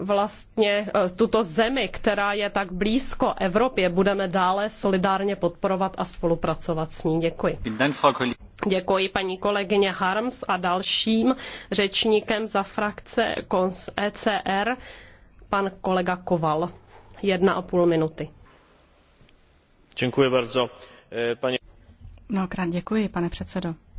vlastně eh, tuto zemi, která je tak blízko Evropě, budeme dále solidárně podporovat a spolupracovat s ní. Děkuji. Děkuji paní kolegyně Harms a dalším řečníkem za frakce ECR, pan kolega Koval. Jedna a půl minuty. Děkuji bardzo. No, Mnohokrát děkuji, pane předsedo.